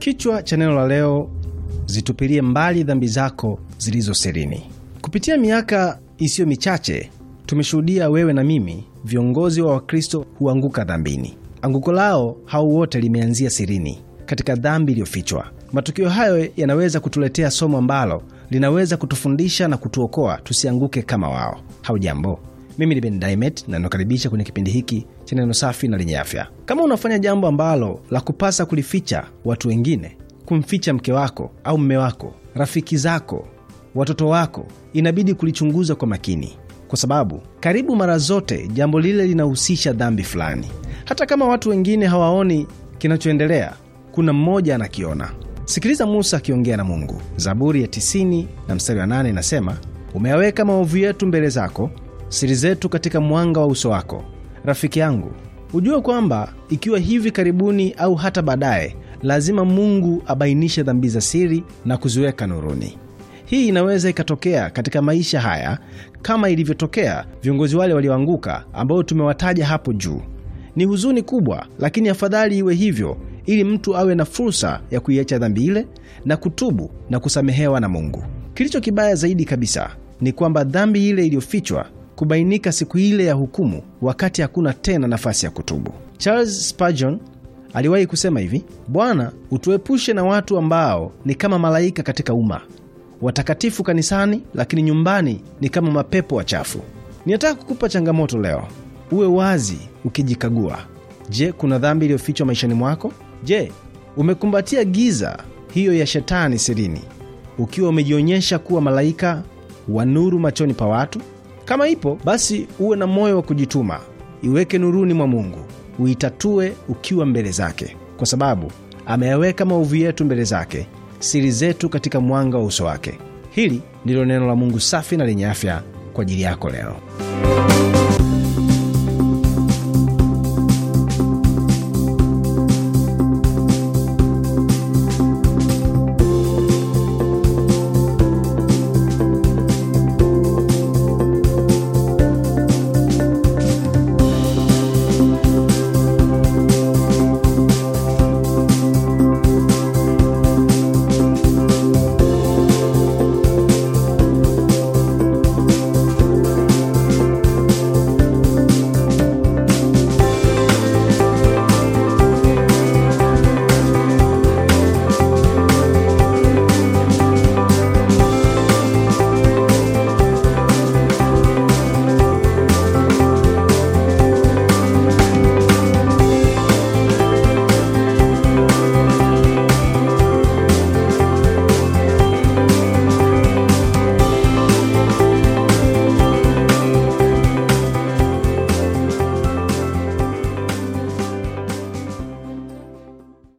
Kichwa cha neno la leo, zitupilie mbali dhambi zako zilizo sirini. Kupitia miaka isiyo michache, tumeshuhudia wewe na mimi, viongozi wa Wakristo huanguka dhambini. Anguko lao hau wote limeanzia sirini, katika dhambi iliyofichwa. Matukio hayo yanaweza kutuletea somo ambalo linaweza kutufundisha na kutuokoa tusianguke kama wao. Haujambo, mimi ni Ben Diamond na nakaribisha kwenye kipindi hiki cha neno safi na lenye afya. Kama unafanya jambo ambalo la kupasa kulificha watu wengine, kumficha mke wako au mme wako, rafiki zako, watoto wako, inabidi kulichunguza kwa makini, kwa sababu karibu mara zote jambo lile linahusisha dhambi fulani. Hata kama watu wengine hawaoni kinachoendelea, kuna mmoja anakiona. Sikiliza Musa akiongea na Mungu. Zaburi ya 90 na mstari wa 8 inasema, umeyaweka maovu yetu mbele zako siri zetu katika mwanga wa uso wako. Rafiki yangu, hujue kwamba ikiwa hivi karibuni au hata baadaye, lazima Mungu abainishe dhambi za siri na kuziweka nuruni. Hii inaweza ikatokea katika maisha haya kama ilivyotokea viongozi wale walioanguka ambao tumewataja hapo juu. Ni huzuni kubwa, lakini afadhali iwe hivyo ili mtu awe na fursa ya kuiacha dhambi ile na kutubu na kusamehewa na Mungu. Kilicho kibaya zaidi kabisa ni kwamba dhambi ile iliyofichwa kubainika siku ile ya hukumu, wakati hakuna tena nafasi ya kutubu. Charles Spurgeon aliwahi kusema hivi: Bwana utuepushe na watu ambao ni kama malaika katika umma, watakatifu kanisani, lakini nyumbani ni kama mapepo wachafu. Ninataka kukupa changamoto leo, uwe wazi ukijikagua. Je, kuna dhambi iliyofichwa maishani mwako? Je, umekumbatia giza hiyo ya shetani sirini, ukiwa umejionyesha kuwa malaika wa nuru machoni pa watu? Kama ipo basi, uwe na moyo wa kujituma, iweke nuruni mwa Mungu, uitatue ukiwa mbele zake, kwa sababu ameyaweka maovu yetu mbele zake, siri zetu katika mwanga wa uso wake. Hili ndilo neno la Mungu safi na lenye afya kwa ajili yako leo.